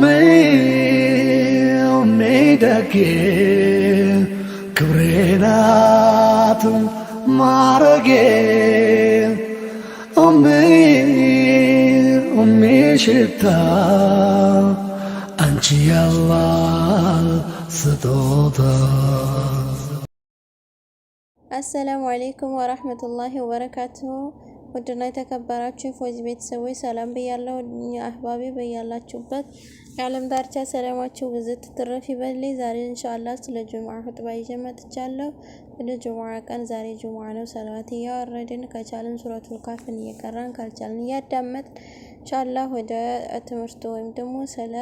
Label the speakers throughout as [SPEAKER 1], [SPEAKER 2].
[SPEAKER 1] ሜሜደጌ ክብሬናት ማረጌ ሽታ አንቺ ያላል ስጦታ።
[SPEAKER 2] አሰላሙ አሌይኩም ወረሕመቱላሂ ወበረካቱሁ ውድና የተከበራችሁ የፎዚ ቤተሰቦች ሰላም ብያለሁ። አህባቢ በያላችሁበት የዓለም ዳርቻ ሰላማችሁ ብዝት ትረፍ ይበልኝ። ዛሬ እንሻላ ስለ ጁሙዓ ሁጥባ ይዤ መጥቻለሁ። ወደ ጁሙዓ ቀን ዛሬ ጁሙዓ ነው። ሰላት እያወረድን ከቻልን ሱረቱል ካፍን እየቀራን ካልቻልን እያዳመጥ እንሻላ ወደ ትምህርቱ ወይም ደግሞ ስለ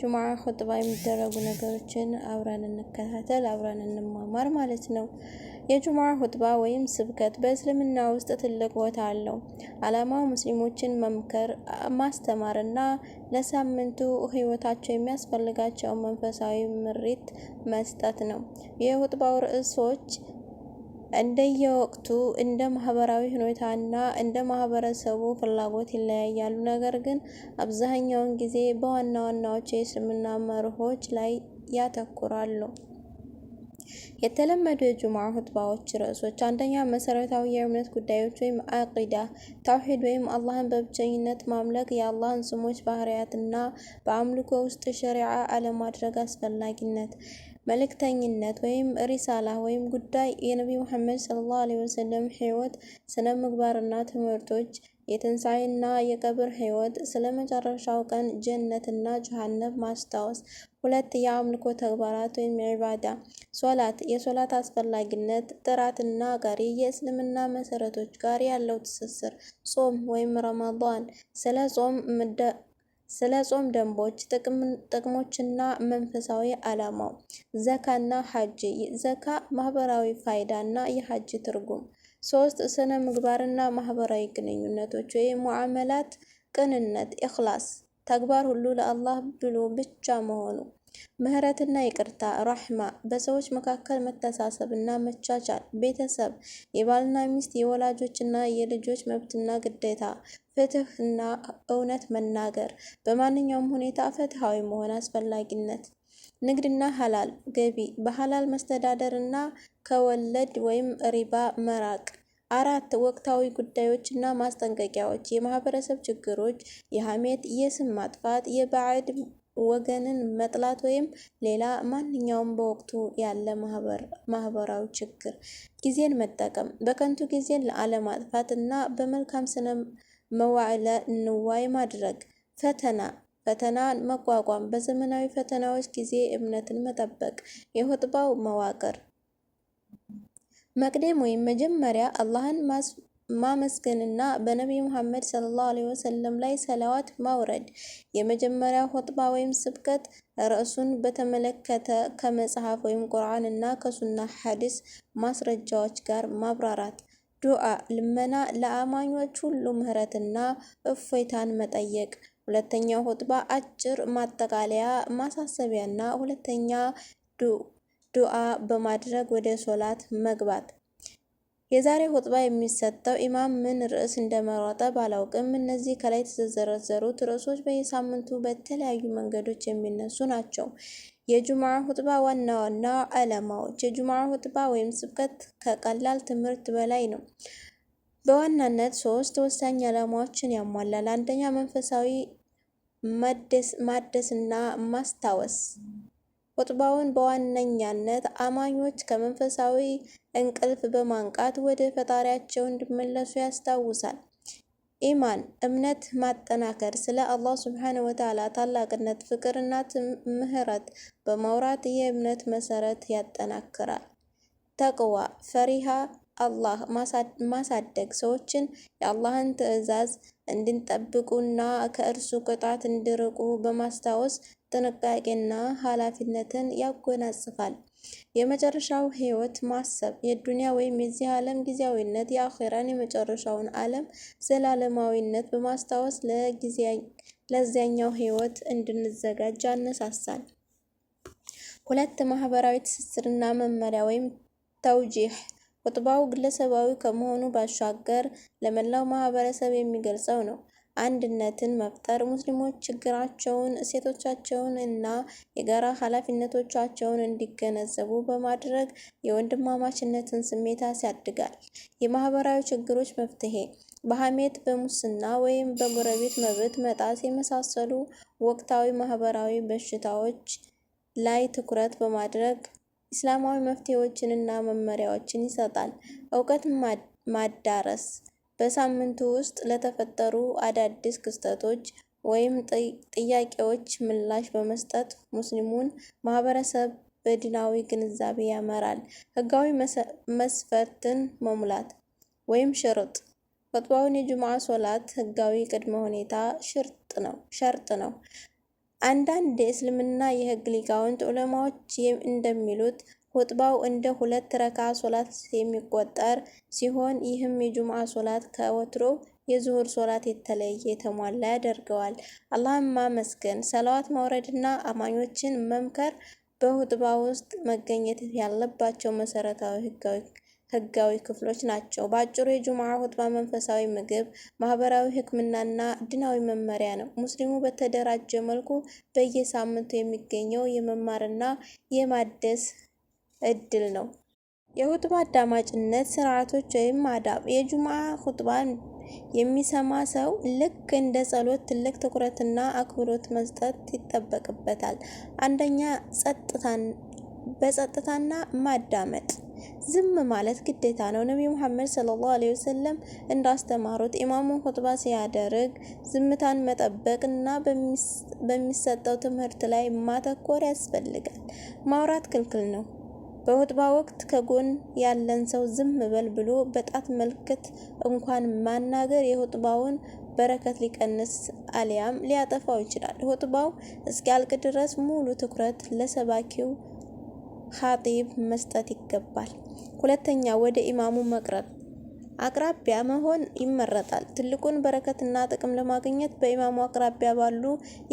[SPEAKER 2] ጁሙዓ ሁጥባ የሚደረጉ ነገሮችን አብረን እንከታተል፣ አብረን እንማማር ማለት ነው። የጁማ ሁጥባ ወይም ስብከት በእስልምና ውስጥ ትልቅ ቦታ አለው። ዓላማው ሙስሊሞችን መምከር፣ ማስተማር እና ለሳምንቱ ህይወታቸው የሚያስፈልጋቸውን መንፈሳዊ ምሪት መስጠት ነው። የሁጥባው ርዕሶች እንደየወቅቱ እንደ ማህበራዊ ሁኔታና እንደ ማህበረሰቡ ፍላጎት ይለያያሉ። ነገር ግን አብዛኛውን ጊዜ በዋና ዋናዎቹ የእስልምና መርሆች ላይ ያተኩራሉ። የተለመዱ የጁማ ሁጥባዎች ርዕሶች አንደኛ መሰረታዊ የእምነት ጉዳዮች ወይም አቂዳ ተውሂድ ወይም አላህን በብቸኝነት ማምለክ የአላህን ስሞች ባህርያትና በአምልኮ ውስጥ ሸሪዓ አለማድረግ አስፈላጊነት መልእክተኝነት ወይም ሪሳላ ወይም ጉዳይ የነቢ ሙሐመድ ሰለላሁ ዓለይሂ ወሰለም ህይወት፣ ስነ ምግባርና ትምህርቶች የትንሣኤና የቀብር ህይወት ስለ መጨረሻው ቀን ጀነትና ጀሃነም ማስታወስ ሁለት የአምልኮ ተግባራት ወይም ዒባዳ ሶላት የሶላት አስፈላጊነት ጥራትና ጋሪ የእስልምና መሰረቶች ጋር ያለው ትስስር ጾም ወይም ረመዳን ስለ ጾም ስለ ጾም ደንቦች ጥቅሞችና መንፈሳዊ ዓላማው ዘካና ሐጅ ዘካ ማህበራዊ ፋይዳ ና የሐጅ ትርጉም ሶስት ስነ ምግባርና ማህበራዊ ግንኙነቶች ወይም ሙዓመላት ቅንነት ኢኽላስ ተግባር ሁሉ ለአላህ ብሎ ብቻ መሆኑ ምህረትና ይቅርታ ራሕማ በሰዎች መካከል መተሳሰብ እና መቻቻል ቤተሰብ የባልና ሚስት የወላጆችና የልጆች መብትና ግዴታ ፍትህና እውነት መናገር በማንኛውም ሁኔታ ፍትሃዊ መሆን አስፈላጊነት ንግድና ሀላል ገቢ በሀላል መስተዳደር እና ከወለድ ወይም ሪባ መራቅ አራት ወቅታዊ ጉዳዮች እና ማስጠንቀቂያዎች የማህበረሰብ ችግሮች የሐሜት የስም ማጥፋት የባዕድ ወገንን መጥላት ወይም ሌላ ማንኛውም በወቅቱ ያለ ማህበራዊ ችግር። ጊዜን መጠቀም በከንቱ ጊዜን ለአለማጥፋት እና በመልካም ስነ መዋዕለ ንዋይ ማድረግ። ፈተና ፈተናን መቋቋም በዘመናዊ ፈተናዎች ጊዜ እምነትን መጠበቅ። የሆጥባው መዋቅር መቅደም ወይም መጀመሪያ አላህን ማመስገንና በነቢይ ሙሐመድ ሰለላሁ ዐለይሂ ወሰለም ላይ ሰላዋት ማውረድ። የመጀመሪያ ሆጥባ ወይም ስብከት ርዕሱን በተመለከተ ከመጽሐፍ ወይም ቁርአን እና ከሱና ሐዲስ ማስረጃዎች ጋር ማብራራት። ዱዓ፣ ልመና፣ ለአማኞች ሁሉ ምህረትና እፎይታን መጠየቅ። ሁለተኛው ሆጥባ አጭር ማጠቃለያ፣ ማሳሰቢያና ሁለተኛ ዱዓ በማድረግ ወደ ሶላት መግባት። የዛሬ ሁጥባ የሚሰጠው ኢማም ምን ርዕስ እንደመረጠ ባላውቅም እነዚህ ከላይ የተዘረዘሩት ርዕሶች በየሳምንቱ በተለያዩ መንገዶች የሚነሱ ናቸው። የጁምዓ ሁጥባ ዋና ዋና ዓላማዎች። የጁምዓ ሁጥባ ወይም ስብከት ከቀላል ትምህርት በላይ ነው። በዋናነት ሶስት ወሳኝ ዓላማዎችን ያሟላል። አንደኛ፣ መንፈሳዊ ማደስና ማስታወስ ቁጥባውን በዋነኛነት አማኞች ከመንፈሳዊ እንቅልፍ በማንቃት ወደ ፈጣሪያቸው እንዲመለሱ ያስታውሳል። ኢማን እምነት ማጠናከር፣ ስለ አላህ ሱብሓነሁ ወተዓላ ታላቅነት፣ ፍቅርና ምህረት በማውራት የእምነት መሰረት ያጠናክራል። ተቅዋ ፈሪሃ አላህ ማሳደግ ሰዎችን የአላህን ትዕዛዝ እንድንጠብቁና ከእርሱ ቅጣት እንዲርቁ በማስታወስ ጥንቃቄና ኃላፊነትን ያጎናጽፋል። የመጨረሻው ህይወት ማሰብ የዱንያ ወይም የዚህ ዓለም ጊዜያዊነት የአኼራን የመጨረሻውን ዓለም ዘላለማዊነት በማስታወስ ለዚያኛው ህይወት እንድንዘጋጅ አነሳሳል። ሁለት ማህበራዊ ትስስርና መመሪያ ወይም ተውጂህ ኹጥባው ግለሰባዊ ከመሆኑ ባሻገር ለመላው ማህበረሰብ የሚገልጸው ነው። አንድነትን መፍጠር ሙስሊሞች ችግራቸውን፣ እሴቶቻቸውን እና የጋራ ኃላፊነቶቻቸውን እንዲገነዘቡ በማድረግ የወንድማማችነትን ስሜት ያሳድጋል። የማህበራዊ ችግሮች መፍትሄ በሐሜት፣ በሙስና ወይም በጎረቤት መብት መጣስ የመሳሰሉ ወቅታዊ ማህበራዊ በሽታዎች ላይ ትኩረት በማድረግ ኢስላማዊ መፍትሄዎችንና መመሪያዎችን ይሰጣል። እውቀት ማዳረስ በሳምንቱ ውስጥ ለተፈጠሩ አዳዲስ ክስተቶች ወይም ጥያቄዎች ምላሽ በመስጠት ሙስሊሙን ማህበረሰብ በዲናዊ ግንዛቤ ያመራል። ህጋዊ መስፈርትን መሙላት ወይም ሽርጥ ኹጥባውን የጁምዓ ሶላት ህጋዊ ቅድመ ሁኔታ ሸርጥ ነው። አንዳንድ የእስልምና የህግ ሊቃውንት ዑለማዎች እንደሚሉት ሁጥባው እንደ ሁለት ረካ ሶላት የሚቆጠር ሲሆን ይህም የጁምዓ ሶላት ከወትሮ የዙሁር ሶላት የተለየ የተሟላ ያደርገዋል። አላህን ማመስገን፣ ሰላዋት ማውረድና አማኞችን መምከር በሁጥባ ውስጥ መገኘት ያለባቸው መሰረታዊ ህጋዊ ህጋዊ ክፍሎች ናቸው። በአጭሩ የጁምዓ ሁጥባ መንፈሳዊ ምግብ፣ ማህበራዊ ህክምናና ድናዊ መመሪያ ነው። ሙስሊሙ በተደራጀ መልኩ በየሳምንቱ የሚገኘው የመማርና የማደስ እድል ነው። የሁጥባ አዳማጭነት ስርዓቶች ወይም አዳብ የጁምዓ ሁጥባን የሚሰማ ሰው ልክ እንደ ጸሎት ትልቅ ትኩረትና አክብሮት መስጠት ይጠበቅበታል። አንደኛ ጸጥታን በጸጥታና ማዳመጥ ዝም ማለት ግዴታ ነው። ነቢዩ መሐመድ ሰለላሁ ዐለይሂ ወሰለም እንዳስተማሩት ኢማሙ ሁጥባ ሲያደርግ ዝምታን መጠበቅ እና በሚሰጠው ትምህርት ላይ ማተኮር ያስፈልጋል። ማውራት ክልክል ነው። በሁጥባ ወቅት ከጎን ያለን ሰው ዝም በል ብሎ በጣት ምልክት እንኳን ማናገር የሁጥባውን በረከት ሊቀንስ አሊያም ሊያጠፋው ይችላል። ሁጥባው እስኪያልቅ ድረስ ሙሉ ትኩረት ለሰባኪው ሀጢብ መስጠት ይገባል። ሁለተኛ ወደ ኢማሙ መቅረብ አቅራቢያ መሆን ይመረጣል። ትልቁን በረከትና ጥቅም ለማግኘት በኢማሙ አቅራቢያ ባሉ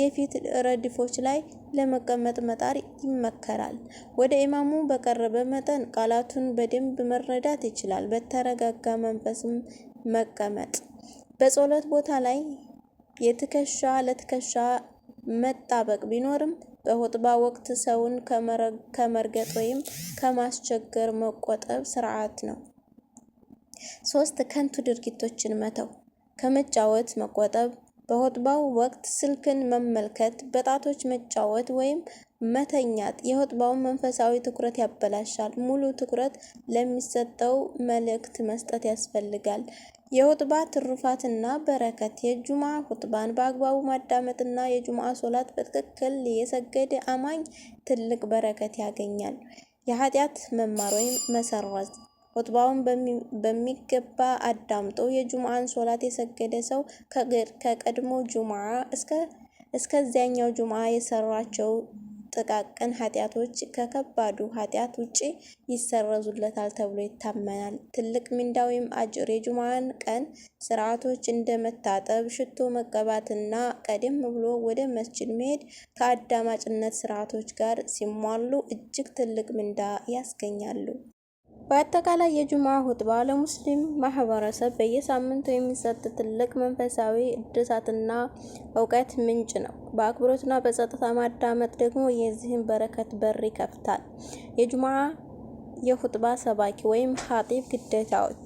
[SPEAKER 2] የፊት ረድፎች ላይ ለመቀመጥ መጣር ይመከራል። ወደ ኢማሙ በቀረበ መጠን ቃላቱን በደንብ መረዳት ይችላል። በተረጋጋ መንፈስም መቀመጥ በጸሎት ቦታ ላይ የትከሻ ለትከሻ መጣበቅ ቢኖርም በሆጥባ ወቅት ሰውን ከመርገጥ ወይም ከማስቸገር መቆጠብ ስርዓት ነው። ሶስት ከንቱ ድርጊቶችን መተው ከመጫወት መቆጠብ፣ በሆጥባው ወቅት ስልክን መመልከት፣ በጣቶች መጫወት ወይም መተኛት የሆጥባውን መንፈሳዊ ትኩረት ያበላሻል። ሙሉ ትኩረት ለሚሰጠው መልእክት መስጠት ያስፈልጋል። የሁጥባ ትሩፋትና በረከት የጁማ ሁጥባን በአግባቡ ማዳመጥና የጁማ ሶላት በትክክል የሰገደ አማኝ ትልቅ በረከት ያገኛል። የኃጢአት መማር ወይም መሰረዝ ኹጥባውን በሚገባ አዳምጦ የጁምዓን ሶላት የሰገደ ሰው ከቀድሞ ጁምዓ እስከዚያኛው ጁምዓ የሰራቸው ጥቃቅን ኃጢአቶች ከከባዱ ኃጢአት ውጪ ይሰረዙለታል ተብሎ ይታመናል። ትልቅ ሚንዳ ወይም አጅር የጁምዓን ቀን ስርዓቶች እንደ መታጠብ፣ ሽቶ መቀባትና ቀደም ብሎ ወደ መስጅድ መሄድ ከአዳማጭነት ስርዓቶች ጋር ሲሟሉ እጅግ ትልቅ ሚንዳ ያስገኛሉ። በአጠቃላይ የጁማ ሁጥባ ለሙስሊም ማህበረሰብ በየሳምንቱ የሚሰጥ ትልቅ መንፈሳዊ እድሳትና እውቀት ምንጭ ነው። በአክብሮትና በጸጥታ ማዳመጥ ደግሞ የዚህን በረከት በር ይከፍታል። የጁማ የሁጥባ ሰባኪ ወይም ሀጢብ ግዴታዎች።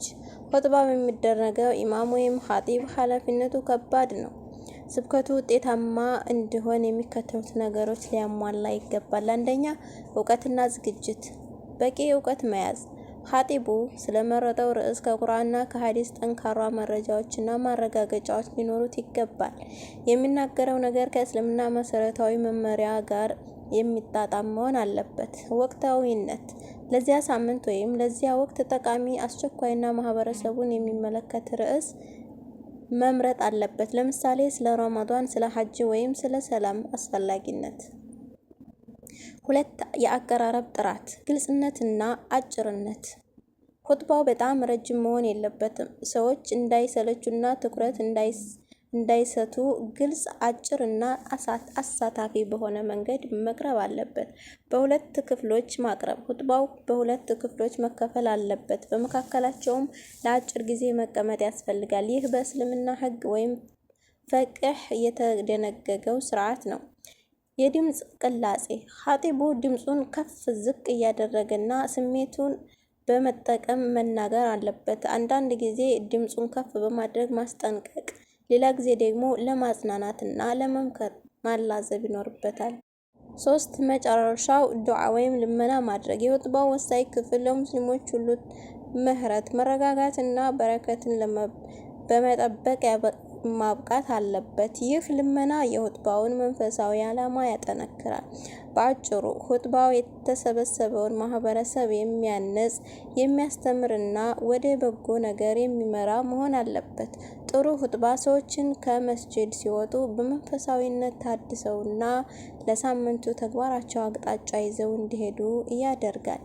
[SPEAKER 2] ሁጥባ በሚደረገው ኢማም ወይም ሀጢብ ኃላፊነቱ ከባድ ነው። ስብከቱ ውጤታማ እንዲሆን የሚከተሉት ነገሮች ሊያሟላ ይገባል። አንደኛ፣ እውቀትና ዝግጅት፣ በቂ እውቀት መያዝ ሀጢቡ ስለመረጠው ርዕስ ከቁርአንና ከሀዲስ ጠንካራ መረጃዎችና ማረጋገጫዎች ሊኖሩት ይገባል። የሚናገረው ነገር ከእስልምና መሰረታዊ መመሪያ ጋር የሚጣጣም መሆን አለበት። ወቅታዊነት ለዚያ ሳምንት ወይም ለዚያ ወቅት ጠቃሚ፣ አስቸኳይና ማህበረሰቡን የሚመለከት ርዕስ መምረጥ አለበት። ለምሳሌ ስለ ረመዷን፣ ስለ ሀጅ ወይም ስለ ሰላም አስፈላጊነት ሁለት የአቀራረብ ጥራት፣ ግልጽነትና አጭርነት። ሁጥባው በጣም ረጅም መሆን የለበትም። ሰዎች እንዳይሰለቹና ትኩረት እንዳይሰቱ ግልጽ፣ አጭር እና አሳታፊ በሆነ መንገድ መቅረብ አለበት። በሁለት ክፍሎች ማቅረብ። ሁጥባው በሁለት ክፍሎች መከፈል አለበት፣ በመካከላቸውም ለአጭር ጊዜ መቀመጥ ያስፈልጋል። ይህ በእስልምና ሕግ ወይም ፈቅህ የተደነገገው ስርዓት ነው። የድምፅ ቅላጼ ሀጢቡ ድምፁን ከፍ ዝቅ እያደረገና ስሜቱን በመጠቀም መናገር አለበት። አንዳንድ ጊዜ ድምፁን ከፍ በማድረግ ማስጠንቀቅ፣ ሌላ ጊዜ ደግሞ ለማጽናናትና ለመምከር ማላዘብ ይኖርበታል። ሶስት መጨረሻው ዱዓ ወይም ልመና ማድረግ የወጥባው ወሳኝ ክፍል ለሙስሊሞች ሁሉ ምህረት፣ መረጋጋት እና በረከትን በመጠበቅ ማብቃት አለበት። ይህ ልመና የሁጥባውን መንፈሳዊ ዓላማ ያጠነክራል። በአጭሩ ሁጥባው የተሰበሰበውን ማህበረሰብ የሚያነጽ የሚያስተምርና ወደ በጎ ነገር የሚመራ መሆን አለበት። ጥሩ ሁጥባ ሰዎችን ከመስጅድ ሲወጡ በመንፈሳዊነት ታድሰውና ለሳምንቱ ተግባራቸው አቅጣጫ ይዘው እንዲሄዱ ያደርጋል።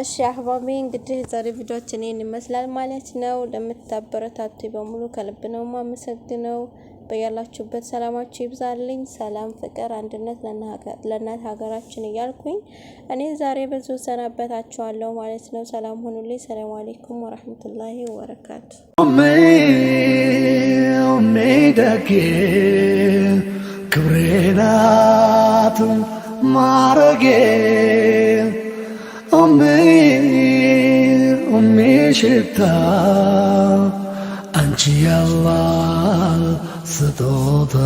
[SPEAKER 2] እሺ አህባቢ እንግዲህ ዛሬ ቪዲዮችን ይህን ይመስላል ማለት ነው። ለምታበረታቱ በሙሉ ከልብ ነው ማመሰግነው። በያላችሁበት ሰላማችሁ ይብዛልኝ። ሰላም፣ ፍቅር፣ አንድነት ለእናት ሀገራችን እያልኩኝ እኔ ዛሬ በዚሁ ሰናበታችኋለሁ ማለት ነው። ሰላም ሁኑልኝ። ሰላም አሌይኩም ወረህመቱላሂ ወበረካቱ።
[SPEAKER 1] ደጌ ማረጌ ኦሜ ኦሜ ሽታ አንቺ ያላ ስጦታ